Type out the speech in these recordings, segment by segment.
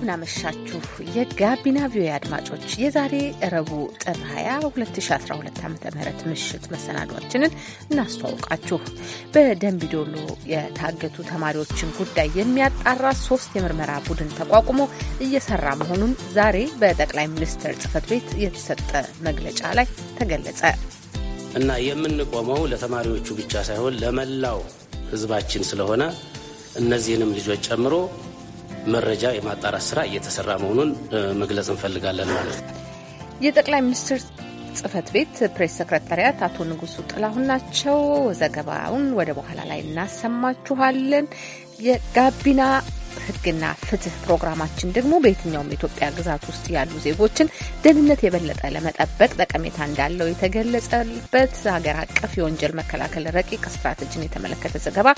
እንደምናመሻችሁ የጋቢና ቪዮ አድማጮች የዛሬ ረቡ ጥር 20 2012 ዓ ም ምሽት መሰናዷችንን እናስተዋውቃችሁ። በደንቢዶሎ የታገቱ ተማሪዎችን ጉዳይ የሚያጣራ ሶስት የምርመራ ቡድን ተቋቁሞ እየሰራ መሆኑን ዛሬ በጠቅላይ ሚኒስትር ጽህፈት ቤት የተሰጠ መግለጫ ላይ ተገለጸ። እና የምንቆመው ለተማሪዎቹ ብቻ ሳይሆን ለመላው ህዝባችን ስለሆነ እነዚህንም ልጆች ጨምሮ መረጃ የማጣራት ስራ እየተሰራ መሆኑን መግለጽ እንፈልጋለን ማለት ነው። የጠቅላይ ሚኒስትር ጽህፈት ቤት ፕሬስ ሰክረታሪያት አቶ ንጉሱ ጥላሁን ናቸው። ዘገባውን ወደ በኋላ ላይ እናሰማችኋለን። የጋቢና ህግና ፍትህ ፕሮግራማችን ደግሞ በየትኛውም ኢትዮጵያ ግዛት ውስጥ ያሉ ዜጎችን ደህንነት የበለጠ ለመጠበቅ ጠቀሜታ እንዳለው የተገለጸበት ሀገር አቀፍ የወንጀል መከላከል ረቂቅ ስትራቴጂን የተመለከተ ዘገባ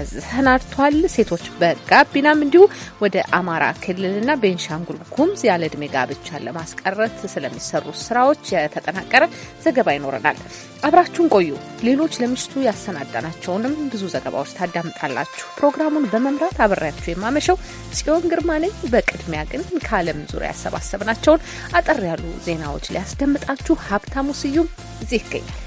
አሰናድቷል። ሴቶች በጋቢናም እንዲሁ ወደ አማራ ክልልና ቤንሻንጉል ጉሙዝ ያለ እድሜ ጋብቻን ለማስቀረት ስለሚሰሩ ስራዎች የተጠናቀረ ዘገባ ይኖረናል። አብራችሁን ቆዩ። ሌሎች ለምሽቱ ያሰናዳናቸውንም ብዙ ዘገባዎች ታዳምጣላችሁ። ፕሮግራሙን በመምራት አብሬያችሁ የማ የምናመሸው። ጽዮን ግርማ ነኝ። በቅድሚያ ግን ከዓለም ዙሪያ ያሰባሰብናቸውን አጠር ያሉ ዜናዎች ሊያስደምጣችሁ ሀብታሙ ስዩም እዚህ ይገኛል።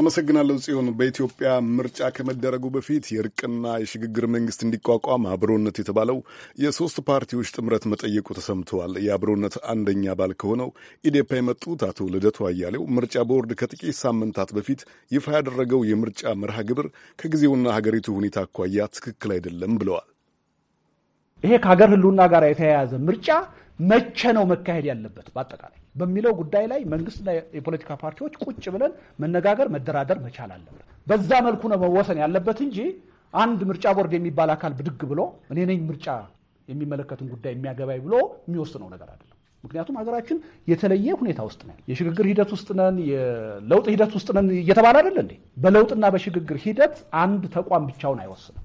አመሰግናለሁ ጽዮን። በኢትዮጵያ ምርጫ ከመደረጉ በፊት የእርቅና የሽግግር መንግስት እንዲቋቋም አብሮነት የተባለው የሶስት ፓርቲዎች ጥምረት መጠየቁ ተሰምተዋል። የአብሮነት አንደኛ አባል ከሆነው ኢዴፓ የመጡት አቶ ልደቱ አያሌው ምርጫ ቦርድ ከጥቂት ሳምንታት በፊት ይፋ ያደረገው የምርጫ መርሃ ግብር ከጊዜውና ሀገሪቱ ሁኔታ አኳያ ትክክል አይደለም ብለዋል። ይሄ ከሀገር ህልውና ጋር የተያያዘ ምርጫ መቼ ነው መካሄድ ያለበት? በአጠቃላይ በሚለው ጉዳይ ላይ መንግስትና የፖለቲካ ፓርቲዎች ቁጭ ብለን መነጋገር፣ መደራደር መቻል አለብን። በዛ መልኩ ነው መወሰን ያለበት እንጂ አንድ ምርጫ ቦርድ የሚባል አካል ብድግ ብሎ እኔ ነኝ ምርጫ የሚመለከትን ጉዳይ የሚያገባኝ ብሎ የሚወስነው ነገር አይደለም። ምክንያቱም ሀገራችን የተለየ ሁኔታ ውስጥ ነን፣ የሽግግር ሂደት ውስጥ ነን፣ የለውጥ ሂደት ውስጥ ነን እየተባለ አይደለ እንዴ? በለውጥና በሽግግር ሂደት አንድ ተቋም ብቻውን አይወስንም።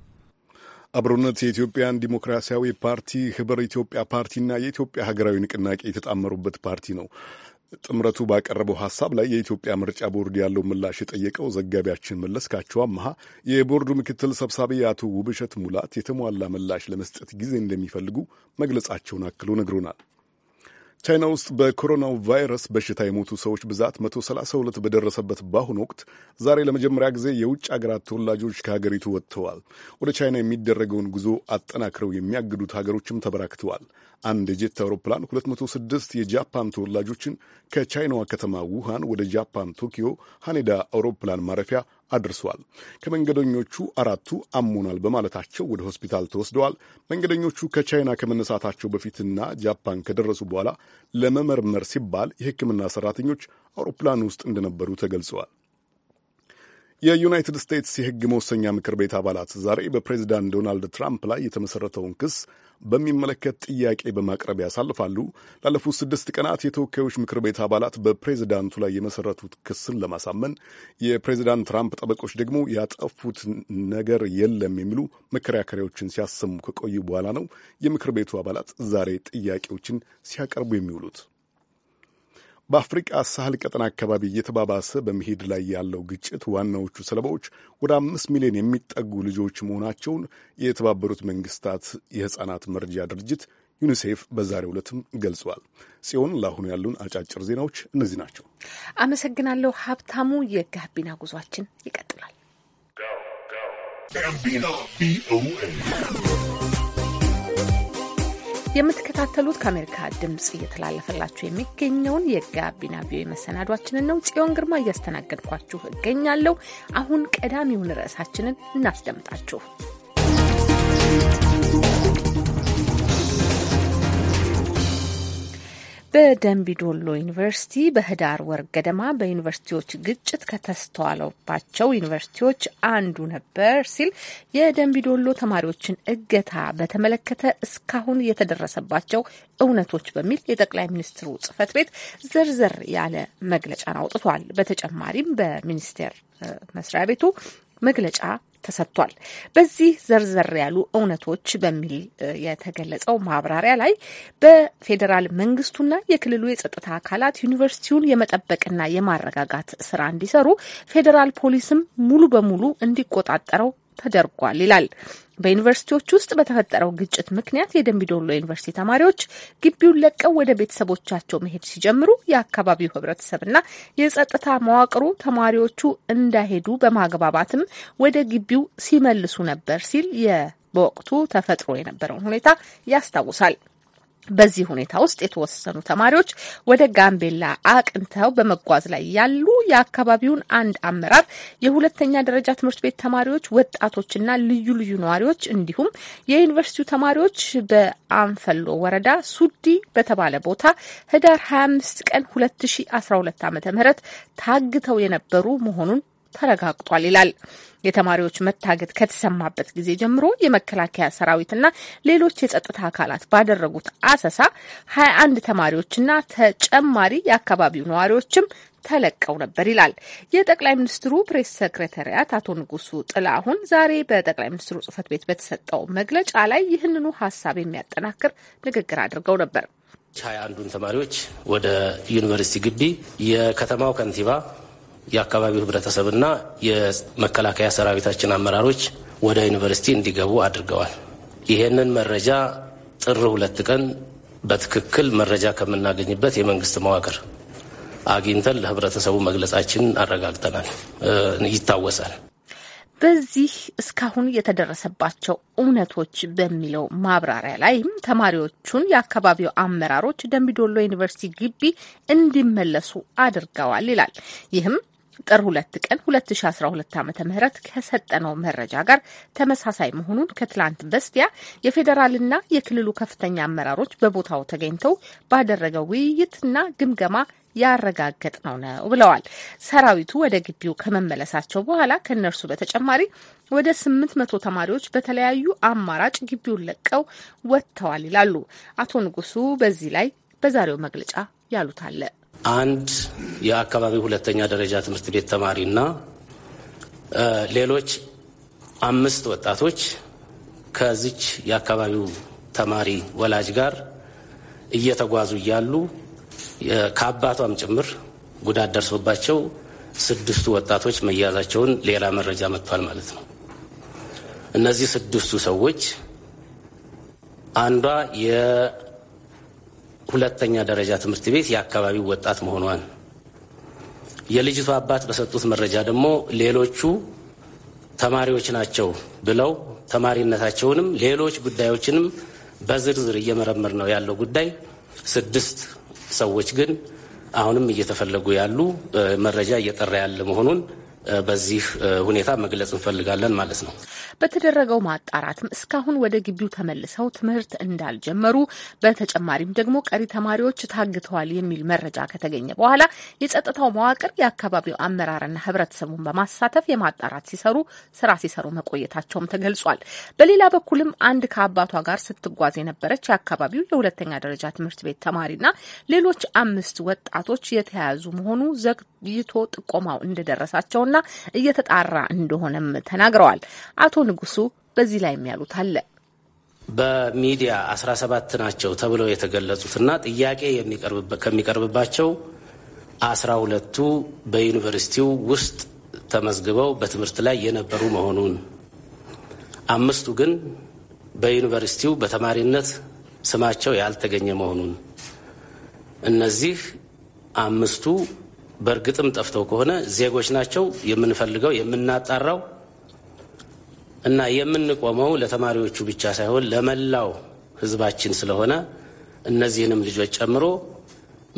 አብሮነት የኢትዮጵያን ዲሞክራሲያዊ ፓርቲ ህብር ኢትዮጵያ ፓርቲና የኢትዮጵያ ሀገራዊ ንቅናቄ የተጣመሩበት ፓርቲ ነው። ጥምረቱ ባቀረበው ሀሳብ ላይ የኢትዮጵያ ምርጫ ቦርድ ያለው ምላሽ የጠየቀው ዘጋቢያችን መለስካቸው አመሃ የቦርዱ ምክትል ሰብሳቢ አቶ ውብሸት ሙላት የተሟላ ምላሽ ለመስጠት ጊዜ እንደሚፈልጉ መግለጻቸውን አክሎ ነግሮናል። ቻይና ውስጥ በኮሮና ቫይረስ በሽታ የሞቱ ሰዎች ብዛት 132 በደረሰበት በአሁኑ ወቅት ዛሬ ለመጀመሪያ ጊዜ የውጭ አገራት ተወላጆች ከሀገሪቱ ወጥተዋል። ወደ ቻይና የሚደረገውን ጉዞ አጠናክረው የሚያግዱት ሀገሮችም ተበራክተዋል። አንድ የጄት አውሮፕላን 206 የጃፓን ተወላጆችን ከቻይናዋ ከተማ ውሃን ወደ ጃፓን ቶኪዮ ሃኔዳ አውሮፕላን ማረፊያ አድርሷል። ከመንገደኞቹ አራቱ አሞናል በማለታቸው ወደ ሆስፒታል ተወስደዋል። መንገደኞቹ ከቻይና ከመነሳታቸው በፊትና ጃፓን ከደረሱ በኋላ ለመመርመር ሲባል የሕክምና ሰራተኞች አውሮፕላን ውስጥ እንደነበሩ ተገልጸዋል። የዩናይትድ ስቴትስ የሕግ መወሰኛ ምክር ቤት አባላት ዛሬ በፕሬዚዳንት ዶናልድ ትራምፕ ላይ የተመሠረተውን ክስ በሚመለከት ጥያቄ በማቅረብ ያሳልፋሉ። ላለፉት ስድስት ቀናት የተወካዮች ምክር ቤት አባላት በፕሬዚዳንቱ ላይ የመሠረቱት ክስን ለማሳመን፣ የፕሬዚዳንት ትራምፕ ጠበቆች ደግሞ ያጠፉት ነገር የለም የሚሉ መከራከሪያዎችን ሲያሰሙ ከቆዩ በኋላ ነው የምክር ቤቱ አባላት ዛሬ ጥያቄዎችን ሲያቀርቡ የሚውሉት። በአፍሪቃ ሳህል ቀጠና አካባቢ እየተባባሰ በመሄድ ላይ ያለው ግጭት ዋናዎቹ ሰለባዎች ወደ አምስት ሚሊዮን የሚጠጉ ልጆች መሆናቸውን የተባበሩት መንግስታት የሕፃናት መርጃ ድርጅት ዩኒሴፍ በዛሬው ዕለትም ገልጿል። ጽዮን፣ ለአሁኑ ያሉን አጫጭር ዜናዎች እነዚህ ናቸው። አመሰግናለሁ ሀብታሙ። የጋቢና ጉዟችን ይቀጥላል። የምትከታተሉት ከአሜሪካ ድምፅ እየተላለፈላችሁ የሚገኘውን የጋቢና ቪኦኤ መሰናዷችንን ነው። ጽዮን ግርማ እያስተናገድኳችሁ እገኛለሁ። አሁን ቀዳሚውን ርዕሳችንን እናስደምጣችሁ። በደንቢዶሎ ዩኒቨርሲቲ በህዳር ወር ገደማ በዩኒቨርሲቲዎች ግጭት ከተስተዋለባቸው ዩኒቨርሲቲዎች አንዱ ነበር ሲል የደንቢዶሎ ተማሪዎችን እገታ በተመለከተ እስካሁን የተደረሰባቸው እውነቶች በሚል የጠቅላይ ሚኒስትሩ ጽህፈት ቤት ዘርዘር ያለ መግለጫን አውጥቷል። በተጨማሪም በሚኒስቴር መስሪያ ቤቱ መግለጫ ተሰጥቷል። በዚህ ዘርዘር ያሉ እውነቶች በሚል የተገለጸው ማብራሪያ ላይ በፌዴራል መንግስቱና የክልሉ የጸጥታ አካላት ዩኒቨርሲቲውን የመጠበቅና የማረጋጋት ስራ እንዲሰሩ ፌዴራል ፖሊስም ሙሉ በሙሉ እንዲቆጣጠረው ተደርጓል ይላል። በዩኒቨርሲቲዎች ውስጥ በተፈጠረው ግጭት ምክንያት የደንቢዶሎ ዩኒቨርሲቲ ተማሪዎች ግቢውን ለቀው ወደ ቤተሰቦቻቸው መሄድ ሲጀምሩ የአካባቢው ህብረተሰብና የጸጥታ መዋቅሩ ተማሪዎቹ እንዳይሄዱ በማግባባትም ወደ ግቢው ሲመልሱ ነበር ሲል በወቅቱ ተፈጥሮ የነበረውን ሁኔታ ያስታውሳል። በዚህ ሁኔታ ውስጥ የተወሰኑ ተማሪዎች ወደ ጋምቤላ አቅንተው በመጓዝ ላይ ያሉ የአካባቢውን አንድ አመራር፣ የሁለተኛ ደረጃ ትምህርት ቤት ተማሪዎች፣ ወጣቶችና ልዩ ልዩ ነዋሪዎች እንዲሁም የዩኒቨርሲቲው ተማሪዎች በአንፈሎ ወረዳ ሱዲ በተባለ ቦታ ህዳር 25 ቀን 2012 ዓ ም ታግተው የነበሩ መሆኑን ተረጋግጧል ይላል። የተማሪዎች መታገት ከተሰማበት ጊዜ ጀምሮ የመከላከያ ሰራዊትና ሌሎች የጸጥታ አካላት ባደረጉት አሰሳ ሀያ አንድ ተማሪዎችና ተጨማሪ የአካባቢው ነዋሪዎችም ተለቀው ነበር ይላል። የጠቅላይ ሚኒስትሩ ፕሬስ ሰክሬታሪያት አቶ ንጉሱ ጥላሁን ዛሬ በጠቅላይ ሚኒስትሩ ጽህፈት ቤት በተሰጠው መግለጫ ላይ ይህንኑ ሀሳብ የሚያጠናክር ንግግር አድርገው ነበር። ሀያ አንዱን ተማሪዎች ወደ ዩኒቨርሲቲ ግቢ የከተማው ከንቲባ የአካባቢው ህብረተሰብና የመከላከያ ሰራዊታችን አመራሮች ወደ ዩኒቨርሲቲ እንዲገቡ አድርገዋል። ይህንን መረጃ ጥር ሁለት ቀን በትክክል መረጃ ከምናገኝበት የመንግስት መዋቅር አግኝተን ለህብረተሰቡ መግለጻችን አረጋግጠናል፣ ይታወሳል። በዚህ እስካሁን የተደረሰባቸው እውነቶች በሚለው ማብራሪያ ላይም ተማሪዎቹን የአካባቢው አመራሮች ደምቢዶሎ ዩኒቨርሲቲ ግቢ እንዲመለሱ አድርገዋል ይላል። ይህም ጥር ሁለት ቀን 2012 ዓ ም ከሰጠነው መረጃ ጋር ተመሳሳይ መሆኑን ከትላንት በስቲያ የፌዴራልና የክልሉ ከፍተኛ አመራሮች በቦታው ተገኝተው ባደረገው ውይይትና ግምገማ ያረጋገጥ ነው ነው ብለዋል። ሰራዊቱ ወደ ግቢው ከመመለሳቸው በኋላ ከእነርሱ በተጨማሪ ወደ ስምንት መቶ ተማሪዎች በተለያዩ አማራጭ ግቢውን ለቀው ወጥተዋል ይላሉ አቶ ንጉሱ። በዚህ ላይ በዛሬው መግለጫ ያሉታል። አንድ የአካባቢው ሁለተኛ ደረጃ ትምህርት ቤት ተማሪ እና ሌሎች አምስት ወጣቶች ከዚች የአካባቢው ተማሪ ወላጅ ጋር እየተጓዙ እያሉ ከአባቷም ጭምር ጉዳት ደርሶባቸው ስድስቱ ወጣቶች መያዛቸውን ሌላ መረጃ መጥቷል ማለት ነው። እነዚህ ስድስቱ ሰዎች አንዷ ሁለተኛ ደረጃ ትምህርት ቤት የአካባቢው ወጣት መሆኗን የልጅቱ አባት በሰጡት መረጃ ደግሞ ሌሎቹ ተማሪዎች ናቸው ብለው ተማሪነታቸውንም ሌሎች ጉዳዮችንም በዝርዝር እየመረመር ነው ያለው ጉዳይ። ስድስት ሰዎች ግን አሁንም እየተፈለጉ ያሉ መረጃ እየጠራ ያለ መሆኑን በዚህ ሁኔታ መግለጽ እንፈልጋለን ማለት ነው። በተደረገው ማጣራትም እስካሁን ወደ ግቢው ተመልሰው ትምህርት እንዳልጀመሩ በተጨማሪም ደግሞ ቀሪ ተማሪዎች ታግተዋል የሚል መረጃ ከተገኘ በኋላ የጸጥታው መዋቅር የአካባቢው አመራርና ህብረተሰቡን በማሳተፍ የማጣራት ሲሰሩ ስራ ሲሰሩ መቆየታቸውም ተገልጿል። በሌላ በኩልም አንድ ከአባቷ ጋር ስትጓዝ የነበረች የአካባቢው የሁለተኛ ደረጃ ትምህርት ቤት ተማሪና ሌሎች አምስት ወጣቶች የተያያዙ መሆኑ ዘግይቶ ጥቆማው እንደደረሳቸውና እየተጣራ እንደሆነም ተናግረዋል። አቶ ንጉሱ በዚህ ላይ የሚያሉት አለ። በሚዲያ 17 ናቸው ተብለው የተገለጹትና ጥያቄ ከሚቀርብባቸው አስራ ሁለቱ በዩኒቨርሲቲው ውስጥ ተመዝግበው በትምህርት ላይ የነበሩ መሆኑን አምስቱ ግን በዩኒቨርሲቲው በተማሪነት ስማቸው ያልተገኘ መሆኑን እነዚህ አምስቱ በእርግጥም ጠፍተው ከሆነ ዜጎች ናቸው የምንፈልገው የምናጣራው እና የምንቆመው ለተማሪዎቹ ብቻ ሳይሆን ለመላው ህዝባችን ስለሆነ እነዚህንም ልጆች ጨምሮ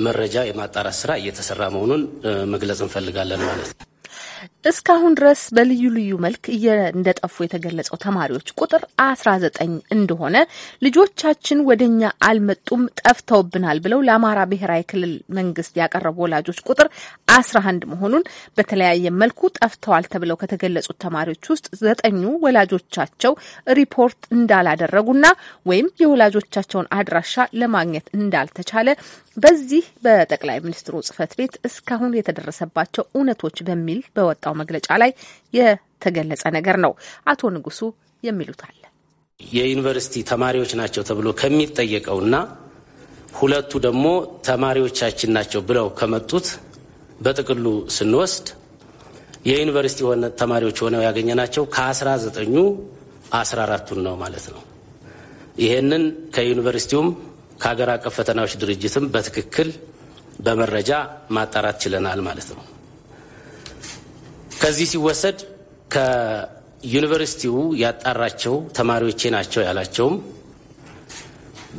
መረጃ የማጣራት ስራ እየተሰራ መሆኑን መግለጽ እንፈልጋለን ማለት ነው። እስካሁን ድረስ በልዩ ልዩ መልክ እንደጠፉ የተገለጸው ተማሪዎች ቁጥር አስራ ዘጠኝ እንደሆነ ልጆቻችን ወደ እኛ አልመጡም ጠፍተውብናል ብለው ለአማራ ብሔራዊ ክልል መንግስት ያቀረቡ ወላጆች ቁጥር አስራ አንድ መሆኑን በተለያየ መልኩ ጠፍተዋል ተብለው ከተገለጹት ተማሪዎች ውስጥ ዘጠኙ ወላጆቻቸው ሪፖርት እንዳላደረጉና ወይም የወላጆቻቸውን አድራሻ ለማግኘት እንዳልተቻለ በዚህ በጠቅላይ ሚኒስትሩ ጽህፈት ቤት እስካሁን የተደረሰባቸው እውነቶች በሚል በወጣው ባወጣው መግለጫ ላይ የተገለጸ ነገር ነው። አቶ ንጉሱ የሚሉት አለ። የዩኒቨርሲቲ ተማሪዎች ናቸው ተብሎ ከሚጠየቀው እና ሁለቱ ደግሞ ተማሪዎቻችን ናቸው ብለው ከመጡት በጥቅሉ ስንወስድ የዩኒቨርሲቲ ሆነ ተማሪዎች ሆነው ያገኘናቸው ከአስራ ዘጠኙ አስራ አራቱን ነው ማለት ነው። ይሄንን ከዩኒቨርሲቲውም ከሀገር አቀፍ ፈተናዎች ድርጅትም በትክክል በመረጃ ማጣራት ችለናል ማለት ነው። ከዚህ ሲወሰድ ከዩኒቨርሲቲው ያጣራቸው ተማሪዎቼ ናቸው ያላቸውም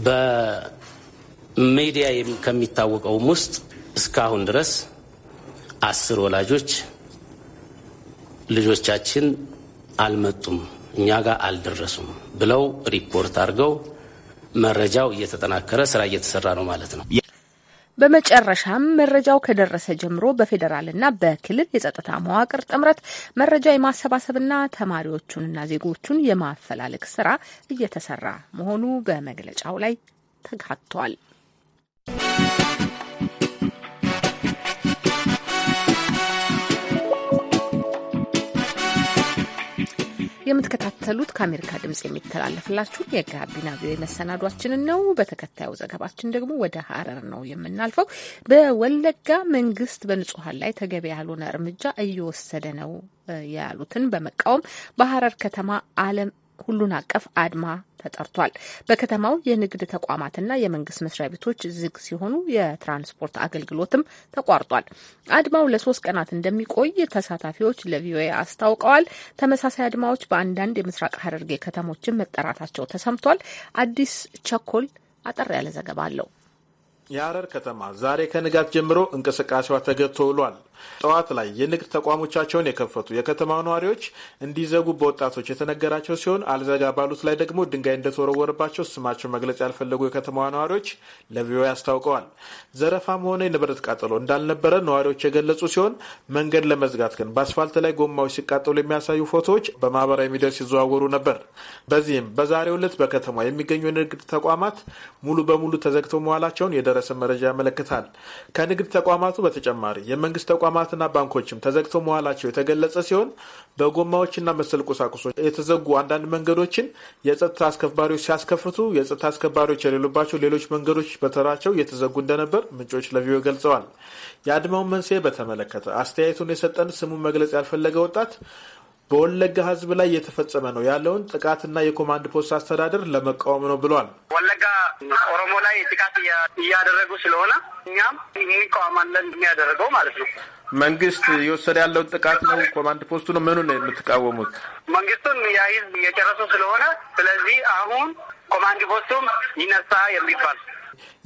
በሚዲያ ከሚታወቀውም ውስጥ እስካሁን ድረስ አስር ወላጆች ልጆቻችን አልመጡም እኛ ጋር አልደረሱም ብለው ሪፖርት አድርገው መረጃው እየተጠናከረ ስራ እየተሰራ ነው ማለት ነው። በመጨረሻም መረጃው ከደረሰ ጀምሮ በፌዴራልና በክልል የጸጥታ መዋቅር ጥምረት መረጃ የማሰባሰብና ተማሪዎቹንና ዜጎቹን የማፈላለግ ስራ እየተሰራ መሆኑ በመግለጫው ላይ ተካቷል። የምትከታተሉት ከአሜሪካ ድምጽ የሚተላለፍላችሁ የጋቢና ቪኦኤ መሰናዷችንን ነው። በተከታዩ ዘገባችን ደግሞ ወደ ሀረር ነው የምናልፈው። በወለጋ መንግስት በንጹሀን ላይ ተገቢ ያልሆነ እርምጃ እየወሰደ ነው ያሉትን በመቃወም በሀረር ከተማ አለም ሁሉን አቀፍ አድማ ተጠርቷል። በከተማው የንግድ ተቋማትና የመንግስት መስሪያ ቤቶች ዝግ ሲሆኑ የትራንስፖርት አገልግሎትም ተቋርጧል። አድማው ለሶስት ቀናት እንደሚቆይ ተሳታፊዎች ለቪኦኤ አስታውቀዋል። ተመሳሳይ አድማዎች በአንዳንድ የምስራቅ ሐረርጌ ከተሞችን መጠራታቸው ተሰምቷል። አዲስ ቸኮል አጠር ያለ ዘገባ አለው። የሐረር ከተማ ዛሬ ከንጋት ጀምሮ እንቅስቃሴዋ ተገብቶ ውሏል። ጠዋት ላይ የንግድ ተቋሞቻቸውን የከፈቱ የከተማው ነዋሪዎች እንዲዘጉ በወጣቶች የተነገራቸው ሲሆን አልዘጋ ባሉት ላይ ደግሞ ድንጋይ እንደተወረወረባቸው ስማቸው መግለጽ ያልፈለጉ የከተማዋ ነዋሪዎች ለቪኦኤ አስታውቀዋል። ዘረፋም ሆነ የንብረት ቃጠሎ እንዳልነበረ ነዋሪዎች የገለጹ ሲሆን መንገድ ለመዝጋት ግን በአስፋልት ላይ ጎማዎች ሲቃጠሉ የሚያሳዩ ፎቶዎች በማህበራዊ ሚዲያ ሲዘዋወሩ ነበር። በዚህም በዛሬው ዕለት በከተማ የሚገኙ የንግድ ተቋማት ሙሉ በሙሉ ተዘግተው መዋላቸውን የደረሰ መረጃ ያመለክታል። ከንግድ ተቋማቱ በተጨማሪ የመንግስት ተቋ ተቋማትና ባንኮችም ተዘግተው መዋላቸው የተገለጸ ሲሆን በጎማዎችና መሰል ቁሳቁሶች የተዘጉ አንዳንድ መንገዶችን የጸጥታ አስከባሪዎች ሲያስከፍቱ፣ የጸጥታ አስከባሪዎች የሌሉባቸው ሌሎች መንገዶች በተራቸው እየተዘጉ እንደነበር ምንጮች ለቪዮ ገልጸዋል። የአድማውን መንስኤ በተመለከተ አስተያየቱን የሰጠን ስሙን መግለጽ ያልፈለገ ወጣት በወለጋ ሕዝብ ላይ እየተፈጸመ ነው ያለውን ጥቃትና የኮማንድ ፖስት አስተዳደር ለመቃወም ነው ብሏል። ወለጋ ኦሮሞ ላይ ጥቃት እያደረጉ ስለሆነ እኛም እንቃወማለን የሚያደረገው ማለት ነው። መንግስት የወሰደ ያለውን ጥቃት ነው፣ ኮማንድ ፖስቱ ነው፣ ምኑን ነው የምትቃወሙት? መንግስቱን ያ እየጨረሱ ስለሆነ ስለዚህ አሁን ኮማንድ ፖስቱም ይነሳ የሚባል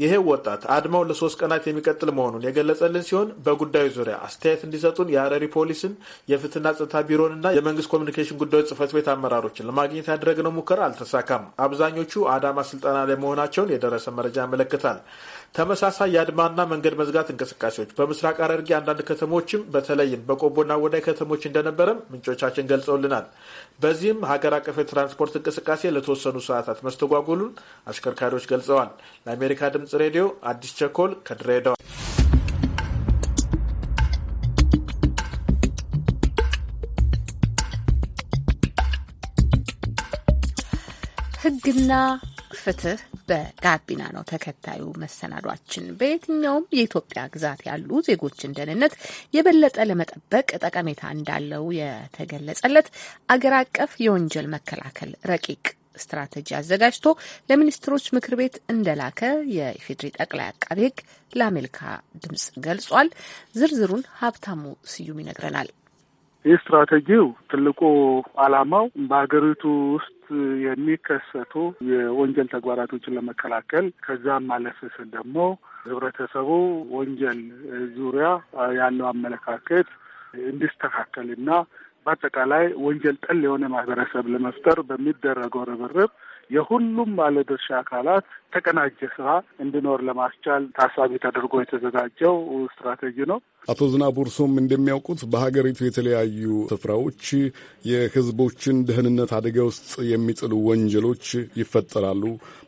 ይሄ ወጣት አድማው ለሶስት ቀናት የሚቀጥል መሆኑን የገለጸልን ሲሆን በጉዳዩ ዙሪያ አስተያየት እንዲሰጡን የአረሪ ፖሊስን የፍትህና ጸጥታ ቢሮንና የመንግስት ኮሚኒኬሽን ጉዳዮች ጽህፈት ቤት አመራሮችን ለማግኘት ያደረግነው ሙከራ አልተሳካም። አብዛኞቹ አዳማ ስልጠና ላይ መሆናቸውን የደረሰ መረጃ ያመለክታል። ተመሳሳይ የአድማና መንገድ መዝጋት እንቅስቃሴዎች በምስራቅ ሐረርጌ አንዳንድ ከተሞችም በተለይም በቆቦና ወዳይ ከተሞች እንደነበረም ምንጮቻችን ገልጸውልናል። በዚህም ሀገር አቀፍ የትራንስፖርት እንቅስቃሴ ለተወሰኑ ሰዓታት መስተጓጎሉን አሽከርካሪዎች ገልጸዋል። ለአሜሪካ ድምጽ ሬዲዮ አዲስ ቸኮል ከድሬዳዋ። ህግና ፍትህ በጋቢና ነው ተከታዩ መሰናዷችን። በየትኛውም የኢትዮጵያ ግዛት ያሉ ዜጎችን ደህንነት የበለጠ ለመጠበቅ ጠቀሜታ እንዳለው የተገለጸለት አገር አቀፍ የወንጀል መከላከል ረቂቅ ስትራቴጂ አዘጋጅቶ ለሚኒስትሮች ምክር ቤት እንደላከ የኢፌዴሪ ጠቅላይ አቃቤ ሕግ ለአሜሪካ ድምጽ ገልጿል። ዝርዝሩን ሀብታሙ ስዩም ይነግረናል። ይህ ስትራቴጂው ትልቁ አላማው በሀገሪቱ ውስጥ የሚከሰቱ የወንጀል ተግባራቶችን ለመከላከል ከዛም ማለፍ ስል ደግሞ ህብረተሰቡ ወንጀል ዙሪያ ያለው አመለካከት እንዲስተካከልና በአጠቃላይ ወንጀል ጠል የሆነ ማህበረሰብ ለመፍጠር በሚደረገው ርብርብ የሁሉም ባለድርሻ አካላት ተቀናጀ ስራ እንዲኖር ለማስቻል ታሳቢ ተደርጎ የተዘጋጀው ስትራቴጂ ነው። አቶ ዝናቡ እርሶም እንደሚያውቁት በሀገሪቱ የተለያዩ ስፍራዎች የህዝቦችን ደህንነት አደጋ ውስጥ የሚጥሉ ወንጀሎች ይፈጠራሉ።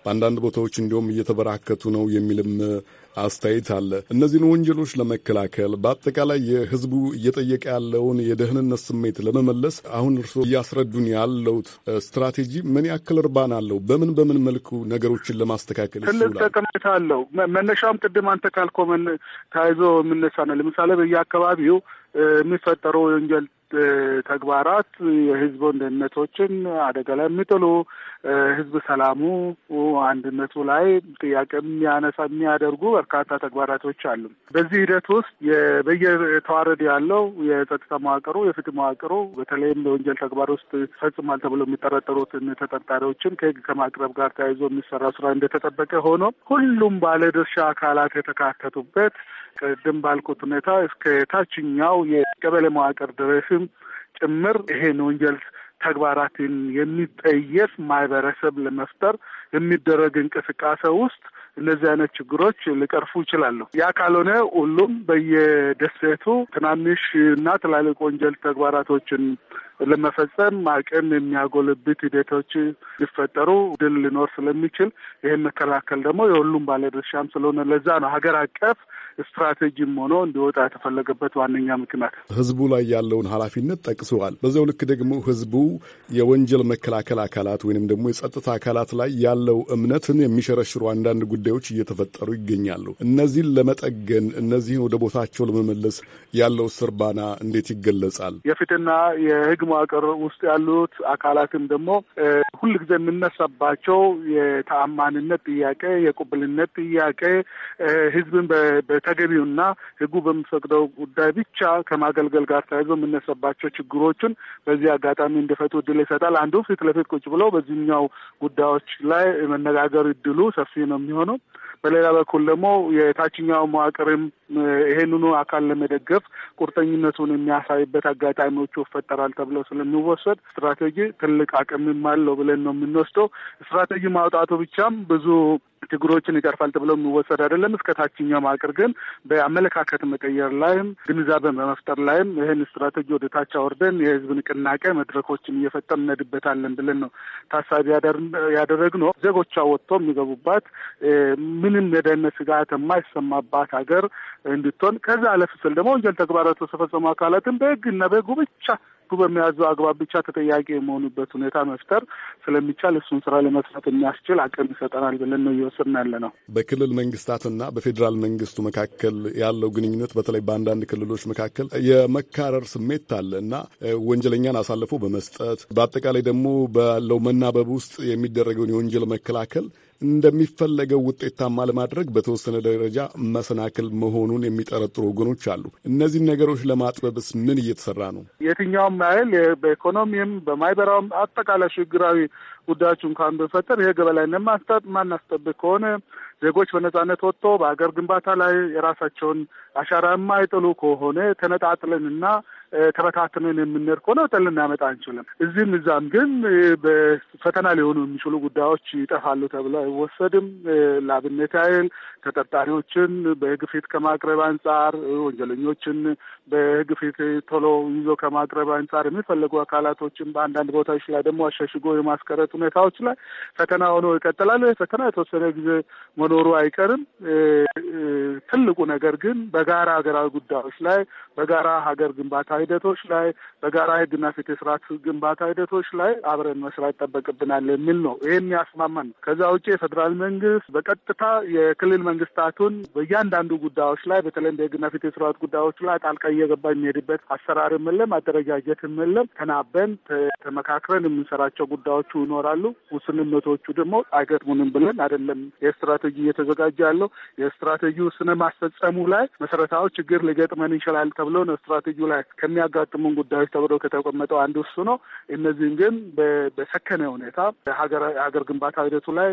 በአንዳንድ ቦታዎች እንዲሁም እየተበራከቱ ነው የሚልም አስተያየት አለ። እነዚህን ወንጀሎች ለመከላከል በአጠቃላይ የህዝቡ እየጠየቀ ያለውን የደህንነት ስሜት ለመመለስ አሁን እርስዎ እያስረዱን ያለውት ስትራቴጂ ምን ያክል እርባና አለው? በምን በምን መልኩ ነገሮችን ለማስተካከል ትልቅ ጠቀሜታ አለው? መነሻውም ቅድም አንተ ካልኮመን ተያይዞ የምነሳ ነው። ለምሳሌ በየአካባቢው የሚፈጠሩ የወንጀል ተግባራት የህዝቡን ደህንነቶችን አደጋ ላይ የሚጥሉ ህዝብ ሰላሙ አንድነቱ ላይ ጥያቄ የሚያነሳ የሚያደርጉ በርካታ ተግባራቶች አሉ። በዚህ ሂደት ውስጥ በየተዋረድ ያለው የጸጥታ መዋቅሩ፣ የፍትህ መዋቅሩ በተለይም በወንጀል ተግባር ውስጥ ፈጽሟል ተብሎ የሚጠረጠሩትን ተጠርጣሪዎችን ከህግ ከማቅረብ ጋር ተያይዞ የሚሰራ ስራ እንደተጠበቀ ሆኖ ሁሉም ባለድርሻ አካላት የተካተቱበት ቅድም ባልኩት ሁኔታ እስከ ታችኛው የቀበሌ መዋቅር ድረስም ጭምር ይሄን ወንጀል ተግባራትን የሚጠየፍ ማህበረሰብ ለመፍጠር የሚደረግ እንቅስቃሴ ውስጥ እነዚህ አይነት ችግሮች ሊቀርፉ ይችላሉ። ያ ካልሆነ ሁሉም በየደሴቱ ትናንሽ እና ትላልቅ ወንጀል ተግባራቶችን ለመፈጸም አቅም የሚያጎልብት ሂደቶች ሊፈጠሩ ድል ሊኖር ስለሚችል ይህን መከላከል ደግሞ የሁሉም ባለድርሻም ስለሆነ ለዛ ነው ሀገር አቀፍ ስትራቴጂም ሆኖ እንዲወጣ የተፈለገበት ዋነኛ ምክንያት ህዝቡ ላይ ያለውን ኃላፊነት ጠቅሰዋል። በዚያው ልክ ደግሞ ህዝቡ የወንጀል መከላከል አካላት ወይንም ደግሞ የጸጥታ አካላት ላይ ያለው እምነትን የሚሸረሽሩ አንዳንድ ጉዳዮች እየተፈጠሩ ይገኛሉ። እነዚህን ለመጠገን እነዚህን ወደ ቦታቸው ለመመለስ ያለው ስርባና እንዴት ይገለጻል? የፍትህና የህግ መዋቅር ውስጥ ያሉት አካላትም ደግሞ ጊዜ የምነሳባቸው የተአማንነት ጥያቄ፣ የቁብልነት ጥያቄ ህዝብን ተገቢውና ህጉ በሚፈቅደው ጉዳይ ብቻ ከማገልገል ጋር ተያይዞ የምነሰባቸው ችግሮችን በዚህ አጋጣሚ እንዲፈቱ እድል ይሰጣል። አንዱ ፊት ለፊት ቁጭ ብለው በዚህኛው ጉዳዮች ላይ መነጋገር እድሉ ሰፊ ነው የሚሆነው። በሌላ በኩል ደግሞ የታችኛው መዋቅርም ይሄንኑ አካል ለመደገፍ ቁርጠኝነቱን የሚያሳይበት አጋጣሚዎቹ ይፈጠራል ተብሎ ስለሚወሰድ ስትራቴጂ ትልቅ አቅም አለው ብለን ነው የምንወስደው። ስትራቴጂ ማውጣቱ ብቻም ብዙ ችግሮችን ይቀርፋል ተብሎ የሚወሰድ አይደለም። እስከ ታችኛው መዋቅር ግን በአመለካከት መቀየር ላይም ግንዛቤ በመፍጠር ላይም ይህን ስትራቴጂ ወደ ታች አወርደን የህዝብ ንቅናቄ መድረኮችን እየፈጠን እንሄድበታለን ብለን ነው ታሳቢ ያደረግነው። ዜጎቿ ወጥቶ የሚገቡባት ምንም የደህንነት ስጋት የማይሰማባት ሀገር እንድትሆን ከዛ አለፍ ስል ደግሞ ወንጀል ተግባራት በተፈጸሙ አካላትን በህግና በህጉ ብቻ ህጉ በሚያዙ አግባብ ብቻ ተጠያቂ የመሆኑበት ሁኔታ መፍጠር ስለሚቻል እሱን ስራ ለመስራት የሚያስችል አቅም ይሰጠናል ብለን ነው እየወሰድን ያለ ነው። በክልል መንግስታትና በፌዴራል መንግስቱ መካከል ያለው ግንኙነት በተለይ በአንዳንድ ክልሎች መካከል የመካረር ስሜት አለ እና ወንጀለኛን አሳልፎ በመስጠት በአጠቃላይ ደግሞ ባለው መናበብ ውስጥ የሚደረገውን የወንጀል መከላከል እንደሚፈለገው ውጤታማ ለማድረግ በተወሰነ ደረጃ መሰናክል መሆኑን የሚጠረጥሩ ወገኖች አሉ። እነዚህን ነገሮች ለማጥበብስ ምን እየተሰራ ነው? የትኛውም ያህል በኢኮኖሚም በማህበራዊም አጠቃላይ ሽግራዊ ጉዳዮች እንኳን ብንፈጠር ይሄ ገበላይነት ማስጣት ማናስጠብቅ ከሆነ ዜጎች በነጻነት ወጥቶ በሀገር ግንባታ ላይ የራሳቸውን አሻራ የማይጥሉ ከሆነ ተነጣጥለንና ተበታትነን የምንሄድ ከሆነ ውጤት ልናመጣ አንችልም። እዚህም እዛም ግን በፈተና ሊሆኑ የሚችሉ ጉዳዮች ይጠፋሉ ተብሎ አይወሰድም። ለአብነት ያህል ተጠርጣሪዎችን በሕግ ፊት ከማቅረብ አንጻር፣ ወንጀለኞችን በሕግ ፊት ቶሎ ይዞ ከማቅረብ አንጻር የሚፈለጉ አካላቶችን በአንዳንድ ቦታዎች ላይ ደግሞ አሸሽጎ የማስቀረት ሁኔታዎች ላይ ፈተና ሆኖ ይቀጥላል። ፈተና የተወሰነ ጊዜ መኖሩ አይቀርም። ትልቁ ነገር ግን በጋራ ሀገራዊ ጉዳዮች ላይ በጋራ ሀገር ግንባታ ሂደቶች ላይ በጋራ ህግና ፍትህ ስርዓት ግንባታ ሂደቶች ላይ አብረን መስራት ይጠበቅብናል የሚል ነው። ይህም ያስማማን ነው። ከዛ ውጭ የፌዴራል መንግስት በቀጥታ የክልል መንግስታቱን በእያንዳንዱ ጉዳዮች ላይ በተለይም ህግና ፍትህ ስርዓት ጉዳዮች ላይ ጣልቃ እየገባ የሚሄድበት አሰራርም የለም፣ አደረጃጀትም የለም። ተናበን ተመካክረን የምንሰራቸው ጉዳዮቹ ይኖራሉ። ውስንነቶቹ ደግሞ አይገጥሙንም ብለን አይደለም የስትራቴጂ እየተዘጋጀ ያለው የስትራቴጂ ስነ ማስፈጸሙ ላይ መሰረታዊ ችግር ሊገጥመን ይችላል ተብሎ ነው ስትራቴጂ ላይ ከሚያጋጥሙን ጉዳዮች ተብሎ ከተቀመጠው አንዱ እሱ ነው። እነዚህም ግን በሰከነ ሁኔታ ሀገር ግንባታ ሂደቱ ላይ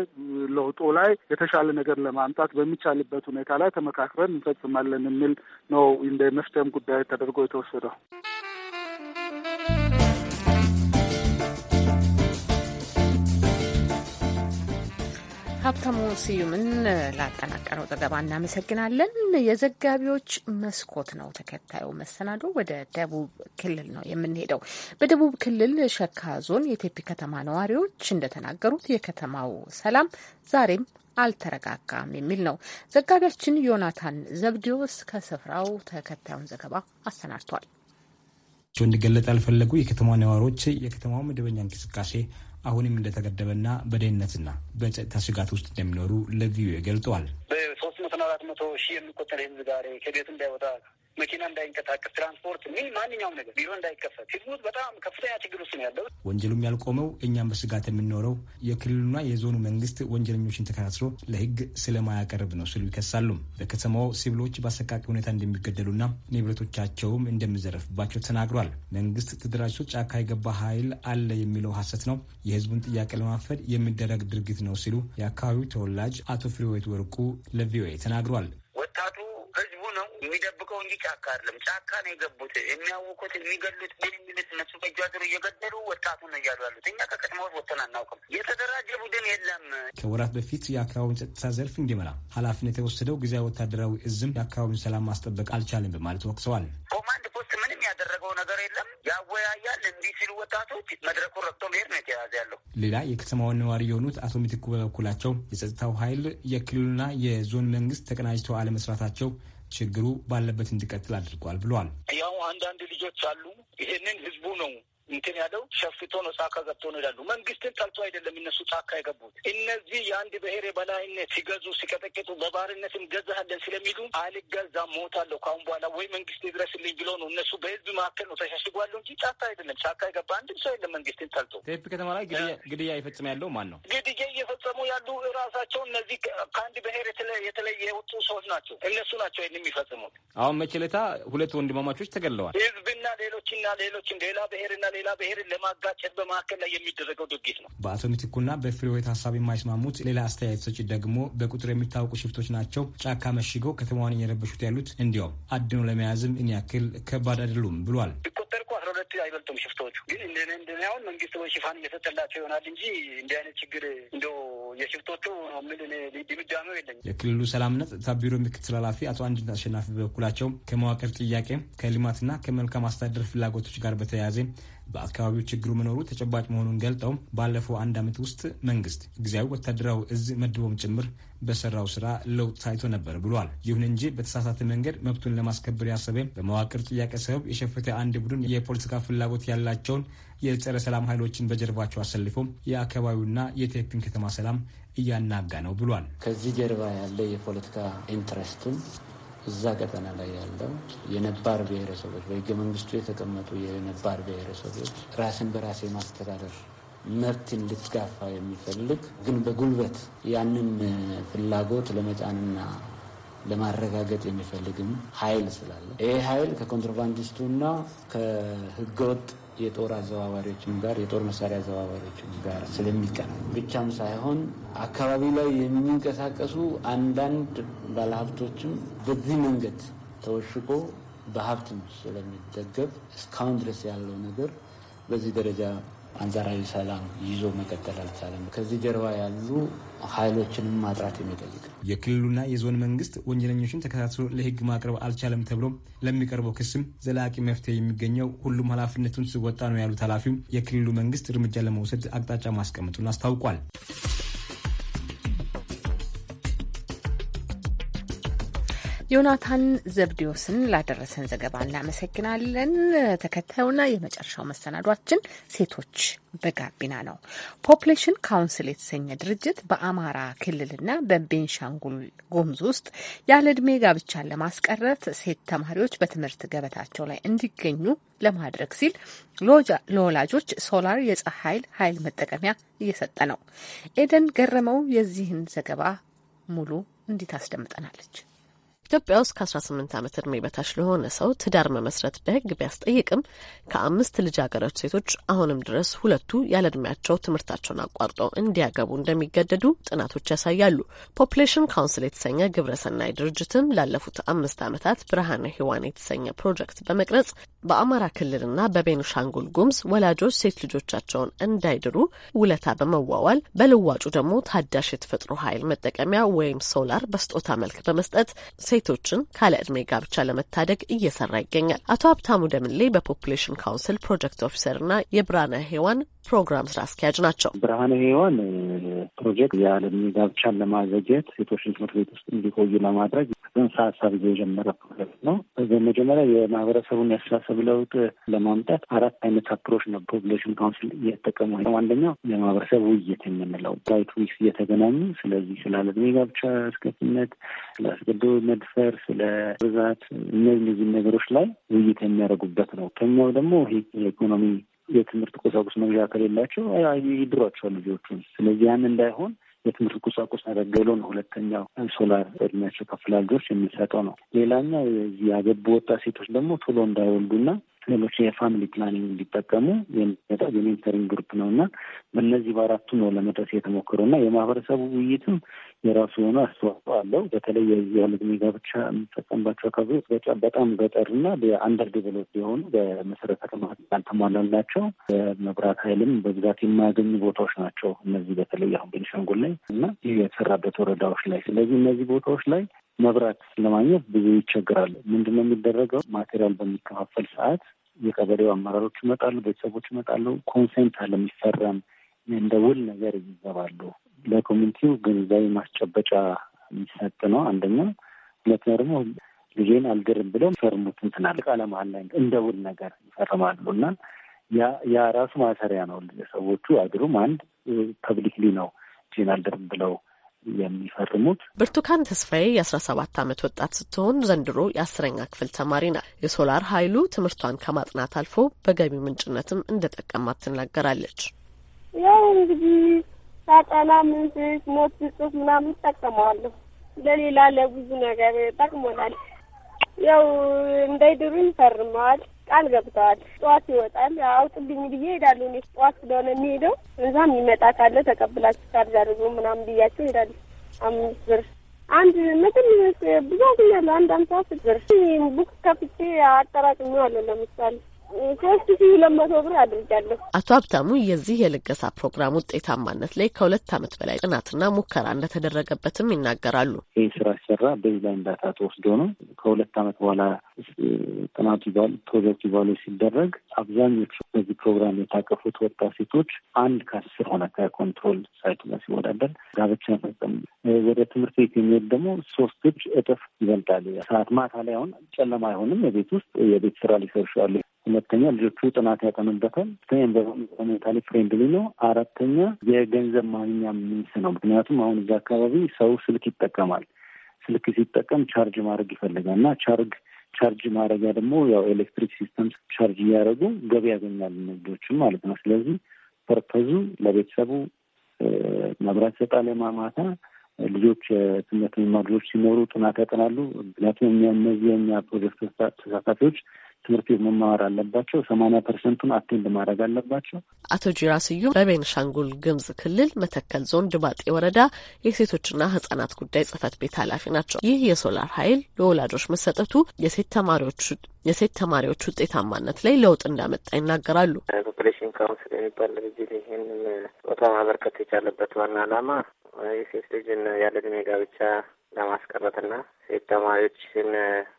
ለውጡ ላይ የተሻለ ነገር ለማምጣት በሚቻልበት ሁኔታ ላይ ተመካክረን እንፈጽማለን የሚል ነው እንደ መፍትሄም ጉዳይ ተደርጎ የተወሰደው። ሀብታሙ ስዩምን ላጠናቀረው ዘገባ እናመሰግናለን። የዘጋቢዎች መስኮት ነው ተከታዩ መሰናዶ። ወደ ደቡብ ክልል ነው የምንሄደው። በደቡብ ክልል ሸካ ዞን የቴፒ ከተማ ነዋሪዎች እንደተናገሩት የከተማው ሰላም ዛሬም አልተረጋጋም የሚል ነው። ዘጋቢያችን ዮናታን ዘብዲዎስ ከስፍራው ተከታዩን ዘገባ አሰናድቷል። እንዲገለጥ ያልፈለጉ የከተማ ነዋሪዎች የከተማው መደበኛ እንቅስቃሴ አሁንም እንደተገደበና በደህንነትና በጸጥታ ስጋት ውስጥ እንደሚኖሩ ለቪኦኤ ገልጠዋል። በሶስት መቶና አራት መቶ ሺህ የሚቆጠር ህዝብ ዛሬ ከቤት እንዳይወጣ መኪና እንዳይንቀሳቀስ፣ ትራንስፖርት፣ ምን ማንኛውም ነገር ቢሮ እንዳይከፈት፣ ህዝቡ በጣም ከፍተኛ ችግር ውስጥ ነው ያለው። ወንጀሉም ያልቆመው እኛም በስጋት የምንኖረው የክልሉና የዞኑ መንግስት ወንጀለኞችን ተከታትሎ ለህግ ስለማያቀርብ ነው ሲሉ ይከሳሉ። በከተማው ሲቪሎች በአሰቃቂ ሁኔታ እንደሚገደሉና ንብረቶቻቸውም እንደሚዘረፍባቸው ተናግሯል። መንግስት ተደራጅቶ ጫካ የገባ ኃይል አለ የሚለው ሀሰት ነው፣ የህዝቡን ጥያቄ ለማፈድ የሚደረግ ድርጊት ነው ሲሉ የአካባቢው ተወላጅ አቶ ፍሬወት ወርቁ ለቪኦኤ ተናግሯል። የሚደብቀው እንጂ ጫካ አይደለም። ጫካ ነው የገቡት የሚያውቁት፣ የሚገሉት፣ ግን የሚሉት እነሱ በእጃድሩ እየገደሉ ወጣቱ ነው እያሉ ያሉት። እኛ ከከተማዎች ወጥተን አናውቅም። የተደራጀ ቡድን የለም። ከወራት በፊት የአካባቢውን ጸጥታ ዘርፍ እንዲመራ ኃላፊነት የወሰደው ጊዜያዊ ወታደራዊ እዝም የአካባቢውን ሰላም ማስጠበቅ አልቻለም በማለት ወቅሰዋል። ኮማንድ ፖስት ምንም ያደረገው ነገር የለም። ያወያያል እንዲህ ሲሉ ወጣቶች መድረኩን ረግቶ መሄድ ነው የተያዘ ያለው። ሌላ የከተማውን ነዋሪ የሆኑት አቶ ሚትኩ በበኩላቸው የጸጥታው ኃይል የክልሉና የዞን መንግስት ተቀናጅተው አለመስራታቸው ችግሩ ባለበት እንዲቀጥል አድርጓል ብሏል። ያው አንዳንድ ልጆች አሉ ይሄንን ህዝቡ ነው እንትን ያለው ሸፍቶ ነው ጫካ ገብቶ ነው ይላሉ። መንግስትን ጠልቶ አይደለም እነሱ ጫካ የገቡት። እነዚህ የአንድ ብሔር የበላይነት ሲገዙ ሲቀጠቅጡ፣ በባርነት እንገዛለን ስለሚሉ አልገዛም፣ ሞታለሁ ካሁን በኋላ ወይ መንግስት ይድረስልኝ ብሎ ነው እነሱ በህዝብ መካከል ነው ተሸሽጓለሁ እንጂ ጫካ አይደለም። ጫካ የገባ አንድም ሰው የለም። መንግስትን ጠልቶ ቴፕ ከተማ ላይ ግድያ ይፈጽም ያለው ማን ነው? ግድያ እየፈጸሙ ያሉ ራሳቸው እነዚህ ከአንድ ብሔር የተለየ የወጡ ሰዎች ናቸው። እነሱ ናቸው ይህን የሚፈጽሙት። አሁን መቼ ሁለት ወንድማማቾች ተገለዋል። ህዝብና ሌሎችና ሌሎችም ሌላ ብሔርና ሌላ ብሔርን ለማጋጨት በመካከል ላይ የሚደረገው ድርጊት ነው። በአቶ ምትኩና በፍሬወት ሀሳብ የማይስማሙት ሌላ አስተያየት ሰጪ ደግሞ በቁጥር የሚታወቁ ሽፍቶች ናቸው ጫካ መሽገው ከተማዋን እየረበሹት ያሉት እንዲያው አድኖ ለመያዝም እን ያክል ከባድ አይደሉም ብሏል። ቢቆጠር እኮ አስራ ሁለት አይበልጡም ሽፍቶቹ። ግን እንደኔ አሁን መንግስት ወይ ሽፋን እየሰጠላቸው ይሆናል እንጂ እንዲህ አይነት ችግር እንደ የሽፍቶቹ ነው ድምዳሜው የለኝም። የክልሉ ሰላምነት ቢሮ ምክትል ኃላፊ አቶ አንድነት አሸናፊ በበኩላቸው ከመዋቅር ጥያቄ ከልማትና ከመልካም አስተዳደር ፍላጎቶች ጋር በተያያዘ በአካባቢው ችግሩ መኖሩ ተጨባጭ መሆኑን ገልጠው ባለፈው አንድ ዓመት ውስጥ መንግስት ጊዜያዊ ወታደራዊ እዝ መድቦም ጭምር በሰራው ስራ ለውጥ ታይቶ ነበር ብሏል። ይሁን እንጂ በተሳሳተ መንገድ መብቱን ለማስከበር ያሰበ በመዋቅር ጥያቄ ሰበብ የሸፈተ አንድ ቡድን የፖለቲካ ፍላጎት ያላቸውን የጸረ ሰላም ኃይሎችን በጀርባቸው አሰልፎ የአካባቢውና የቴፒን ከተማ ሰላም እያናጋ ነው ብሏል። ከዚህ ጀርባ ያለ የፖለቲካ ኢንትረስትም እዛ ቀጠና ላይ ያለው የነባር ብሔረሰቦች በህገ መንግስቱ የተቀመጡ የነባር ብሔረሰቦች ራስን በራሴ ማስተዳደር መብትን ልትጋፋ የሚፈልግ ግን በጉልበት ያንን ፍላጎት ለመጫንና ለማረጋገጥ የሚፈልግም ኃይል ስላለ ይህ ኃይል ከኮንትሮባንዲስቱና ከህገወጥ የጦር አዘዋዋሪዎችም ጋር የጦር መሳሪያ አዘዋዋሪዎችም ጋር ስለሚቀናል ብቻም ሳይሆን አካባቢ ላይ የሚንቀሳቀሱ አንዳንድ ባለሀብቶችም በዚህ መንገድ ተወሽቆ በሀብትም ስለሚደገፍ እስካሁን ድረስ ያለው ነገር በዚህ ደረጃ አንጻራዊ ሰላም ይዞ መቀጠል አልቻለም። ከዚህ ጀርባ ያሉ ኃይሎችንም ማጥራት የሚጠይቅ ነው። የክልሉና የዞን መንግስት ወንጀለኞችን ተከታትሎ ለህግ ማቅረብ አልቻለም ተብሎ ለሚቀርበው ክስም ዘላቂ መፍትሄ የሚገኘው ሁሉም ኃላፊነቱን ሲወጣ ነው ያሉት ኃላፊው የክልሉ መንግስት እርምጃ ለመውሰድ አቅጣጫ ማስቀመጡን አስታውቋል። ዮናታን ዘብዲዮስን ላደረሰን ዘገባ እናመሰግናለን። ተከታዩና የመጨረሻው መሰናዷችን ሴቶች በጋቢና ነው። ፖፕሌሽን ካውንስል የተሰኘ ድርጅት በአማራ ክልልና በቤንሻንጉል ጉሙዝ ውስጥ ያለ እድሜ ጋብቻን ለማስቀረት ሴት ተማሪዎች በትምህርት ገበታቸው ላይ እንዲገኙ ለማድረግ ሲል ለወላጆች ሶላር የፀሐይ ኃይል ኃይል መጠቀሚያ እየሰጠ ነው። ኤደን ገረመው የዚህን ዘገባ ሙሉ እንዲት አስደምጠናለች። ኢትዮጵያ ውስጥ ከ18 ዓመት እድሜ በታች ለሆነ ሰው ትዳር መመስረት በህግ ቢያስጠይቅም ከአምስት ልጃገረድ ሴቶች አሁንም ድረስ ሁለቱ ያለ ዕድሜያቸው ትምህርታቸውን አቋርጠው እንዲያገቡ እንደሚገደዱ ጥናቶች ያሳያሉ። ፖፕሌሽን ካውንስል የተሰኘ ግብረሰናይ ድርጅትም ላለፉት አምስት ዓመታት ብርሃነ ህዋን የተሰኘ ፕሮጀክት በመቅረጽ በአማራ ክልልና በቤኒሻንጉል ጉምዝ ወላጆች ሴት ልጆቻቸውን እንዳይድሩ ውለታ በመዋዋል በልዋጩ ደግሞ ታዳሽ የተፈጥሮ ኃይል መጠቀሚያ ወይም ሶላር በስጦታ መልክ በመስጠት ሴቶችን ካለ ዕድሜ ጋብቻ ለመታደግ እየሰራ ይገኛል። አቶ ሀብታሙ ደምሌ በፖፕሌሽን ካውንስል ፕሮጀክት ኦፊሰር ኦፊሰርና የብርሃነ ሄዋን ፕሮግራም ስራ አስኪያጅ ናቸው። ብርሃነ ሔዋን ፕሮጀክት ያለ ዕድሜ ጋብቻን ለማዘግየት ሴቶችን ትምህርት ቤት ውስጥ እንዲቆዩ ለማድረግ ጽንሰ ሀሳብ ይዞ የጀመረ ፕሮጀክት ነው። በዚህ መጀመሪያ የማህበረሰቡን ያስተሳሰብ ለውጥ ለማምጣት አራት አይነት አፕሮች ነው ፖፕሌሽን ካውንስል እየተጠቀመ አንደኛው የማህበረሰብ ውይይት የምንለው ራይት ዊክስ እየተገናኙ ስለዚህ ስላለ ዕድሜ ጋብቻ፣ ስለ አስገድዶ መድ መድፈር፣ ስለ ብዛት እነዚህ እነዚህ ነገሮች ላይ ውይይት የሚያደርጉበት ነው። ከኛው ደግሞ የኢኮኖሚ የትምህርት ቁሳቁስ መግዣ ከሌላቸው ይድሯቸዋል ልጆቹን። ስለዚህ ያን እንዳይሆን የትምህርት ቁሳቁስ አገልግሎ ነው። ሁለተኛው ሶላር እድሜያቸው ከፍ ልጆች የሚሰጠው ነው። ሌላኛው ያገቡ ወጣት ሴቶች ደግሞ ቶሎ እንዳይወልዱና ሌሎች የፋሚሊ ፕላኒንግ እንዲጠቀሙ የሚመጣው የሜንተሪንግ ግሩፕ ነው እና በእነዚህ በአራቱ ነው ለመድረስ የተሞክረው እና የማህበረሰቡ ውይይትም የራሱ የሆነ አስተዋጽኦ አለው። በተለይ የዚህ ያለ ሜጋ ብቻ የሚጠቀምባቸው አካባቢዎች በጣም ገጠር እና በአንደር ዴቨሎፕ የሆኑ በመሰረተ ልማት ያልተሟላላቸው መብራት ኃይልም በብዛት የማያገኙ ቦታዎች ናቸው። እነዚህ በተለይ አሁን ቤንሻንጉል ላይ እና ይህ የተሰራበት ወረዳዎች ላይ ስለዚህ እነዚህ ቦታዎች ላይ መብራት ለማግኘት ብዙ ይቸገራሉ። ምንድነው የሚደረገው? ማቴሪያል በሚከፋፈል ሰዓት የቀበሌው አመራሮች ይመጣሉ፣ ቤተሰቦች ይመጣሉ። ኮንሴንት አለ የሚፈረም እንደ ውል ነገር ይዘባሉ። ለኮሚኒቲው ግንዛቤ ማስጨበጫ የሚሰጥ ነው አንደኛ። ሁለተኛ ደግሞ ልጄን አልድርም ብለው ፈርሙት እንትናል አለ ቃለ መሀላ ላይ እንደ ውል ነገር ይፈርማሉ እና ያ ራሱ ማሰሪያ ነው። ሰዎቹ አድሩም አንድ ፐብሊክሊ ነው ልጄን አልድርም ብለው የሚፈርሙት። ብርቱካን ተስፋዬ የአስራ ሰባት ዓመት ወጣት ስትሆን ዘንድሮ የአስረኛ ክፍል ተማሪ ናት። የሶላር ኃይሉ ትምህርቷን ከማጥናት አልፎ በገቢ ምንጭነትም እንደጠቀማት ትናገራለች። ያው እንግዲህ ሳጠና ምንስ ኖት ጽሁፍ ምናምን እጠቀመዋለሁ። ለሌላ ለብዙ ነገር ጠቅሞናል። ያው እንዳይድሩ ይፈርመዋል ቃል ገብተዋል። ጠዋት ይወጣል አውጥልኝ ብዬ ሄዳለሁ። እኔ ጠዋት ስለሆነ የሚሄደው እዛም ይመጣ ካለ ተቀብላችሁ ቻርጅ አድርጉ ምናምን ብያቸው ሄዳለሁ። አምስት ብር አንድ መጠን ብዙ አገኛለሁ። አንድ አምሳ ብር ቡክ ከፍቼ አለ ለምሳሌ ሶስት ሺ ሁለት መቶ ብር አድርጃለሁ። አቶ ሀብታሙ የዚህ የልገሳ ፕሮግራም ውጤታማነት ላይ ከሁለት አመት በላይ ጥናትና ሙከራ እንደተደረገበትም ይናገራሉ። ይህ ስራ ሲሰራ ቤዝ ላይን ዳታ ተወስዶ ነው። ከሁለት አመት በኋላ ጥናቱ ይባል ፕሮጀክት ይባሉ ሲደረግ አብዛኞቹ በዚህ ፕሮግራም የታቀፉት ወጣት ሴቶች አንድ ከአስር ሆነ ከኮንትሮል ሳይቱ ጋር ሲወዳደር ጋብቻ ፈጸሙ። ወደ ትምህርት ቤት የሚሄድ ደግሞ ሶስት እጅ እጥፍ ይበልጣል። ሰዓት ማታ ላይ አሁን ጨለማ አይሆንም። የቤት ውስጥ የቤት ስራ ሊሰርሹ አለ ሁለተኛ ልጆቹ ጥናት ያጠኑበታል። ሁለተኛ ሁኔታ ላይ ፍሬንድሊ ነው። አራተኛ የገንዘብ ማግኛ ምንስ ነው። ምክንያቱም አሁን እዛ አካባቢ ሰው ስልክ ይጠቀማል። ስልክ ሲጠቀም ቻርጅ ማድረግ ይፈልጋል እና ቻርግ ቻርጅ ማድረጊያ ደግሞ ያው ኤሌክትሪክ ሲስተም ቻርጅ እያደረጉ ገቢ ያገኛሉ ንግዶችም ማለት ነው። ስለዚህ ፐርፐዙ ለቤተሰቡ መብራት ይሰጣል። የማማታ ልጆች ትምህርት መማር ልጆች ሲኖሩ ጥናት ያጠናሉ። ምክንያቱም እነዚህ የኛ ፕሮጀክት ተሳታፊዎች ትምህርት ቤት መማር አለባቸው። ሰማንያ ፐርሰንቱን አቴንድ ማድረግ አለባቸው። አቶ ጂራ ስዩም በቤንሻንጉል ግምዝ ክልል መተከል ዞን ድባጤ ወረዳ የሴቶችና ህጻናት ጉዳይ ጽህፈት ቤት ኃላፊ ናቸው። ይህ የሶላር ኃይል ለወላጆች መሰጠቱ የሴት ተማሪዎች የሴት ተማሪዎች ውጤታማነት ላይ ለውጥ እንዳመጣ ይናገራሉ። ፖፕሌሽን ካውንስል የሚባል ድርጅት ይህንን ቦታ ማበርከት የቻለበት ዋና ዓላማ የሴት ልጅን ያለ እድሜ ጋብቻ ለማስቀረትና ሴት ተማሪዎችን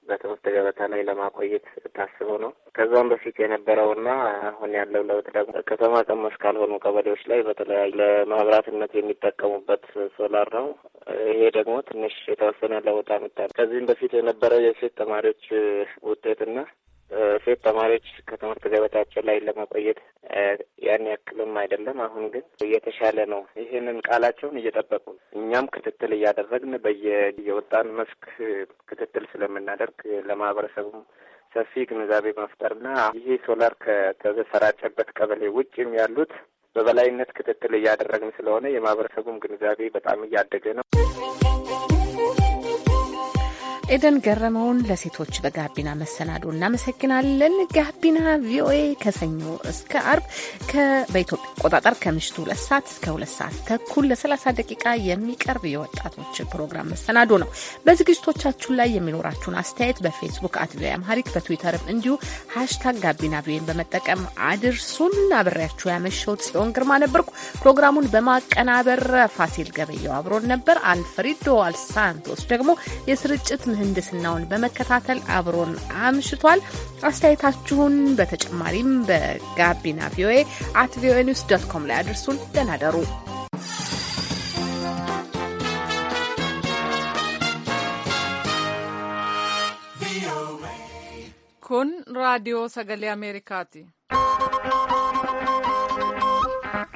በትምህርት ገበታ ላይ ለማቆየት ታስቦ ነው። ከዛም በፊት የነበረውና አሁን ያለው ለውጥ ደግሞ ከተማ ቀመስ ካልሆኑ ቀበሌዎች ላይ በተለያዩ ለመብራትነት የሚጠቀሙበት ሶላር ነው። ይሄ ደግሞ ትንሽ የተወሰነ ለውጥ አምጣል። ከዚህም በፊት የነበረው የሴት ተማሪዎች ውጤትና ሴት ተማሪዎች ከትምህርት ገበታቸው ላይ ለመቆየት ያን ያክልም አይደለም። አሁን ግን እየተሻለ ነው። ይህንን ቃላቸውን እየጠበቁ እኛም ክትትል እያደረግን በየወጣን መስክ ክትትል ስለምናደርግ ለማህበረሰቡም ሰፊ ግንዛቤ መፍጠርና ይሄ ሶላር ከተሰራጨበት ቀበሌ ውጭም ያሉት በበላይነት ክትትል እያደረግን ስለሆነ የማህበረሰቡም ግንዛቤ በጣም እያደገ ነው። ኤደን ገረመውን ለሴቶች በጋቢና መሰናዶ እናመሰግናለን። ጋቢና ቪኦኤ ከሰኞ እስከ አርብ በኢትዮጵያ አቆጣጠር ከምሽቱ ሁለት ሰዓት እስከ ሁለት ሰዓት ተኩል ለ30 ደቂቃ የሚቀርብ የወጣቶች ፕሮግራም መሰናዶ ነው። በዝግጅቶቻችን ላይ የሚኖራችሁን አስተያየት በፌስቡክ አት ቪኦኤ አምሃሪክ በትዊተርም እንዲሁ ሀሽታግ ጋቢና ቪኦኤን በመጠቀም አድርሱን። አብሬያችሁ ያመሸሁት ጽዮን ግርማ ነበርኩ። ፕሮግራሙን በማቀናበር ፋሲል ገበየው አብሮን ነበር። አልፍሬዶ አልሳንቶስ ደግሞ የስርጭት ምህንድስናውን በመከታተል አብሮን አምሽቷል። አስተያየታችሁን በተጨማሪም በጋቢና ቪኦኤ አት ቪኦኤ ኒውስ ዶት ኮም ላይ አድርሱን። ደህና ደሩ። Kun radio sagalee Ameerikaati.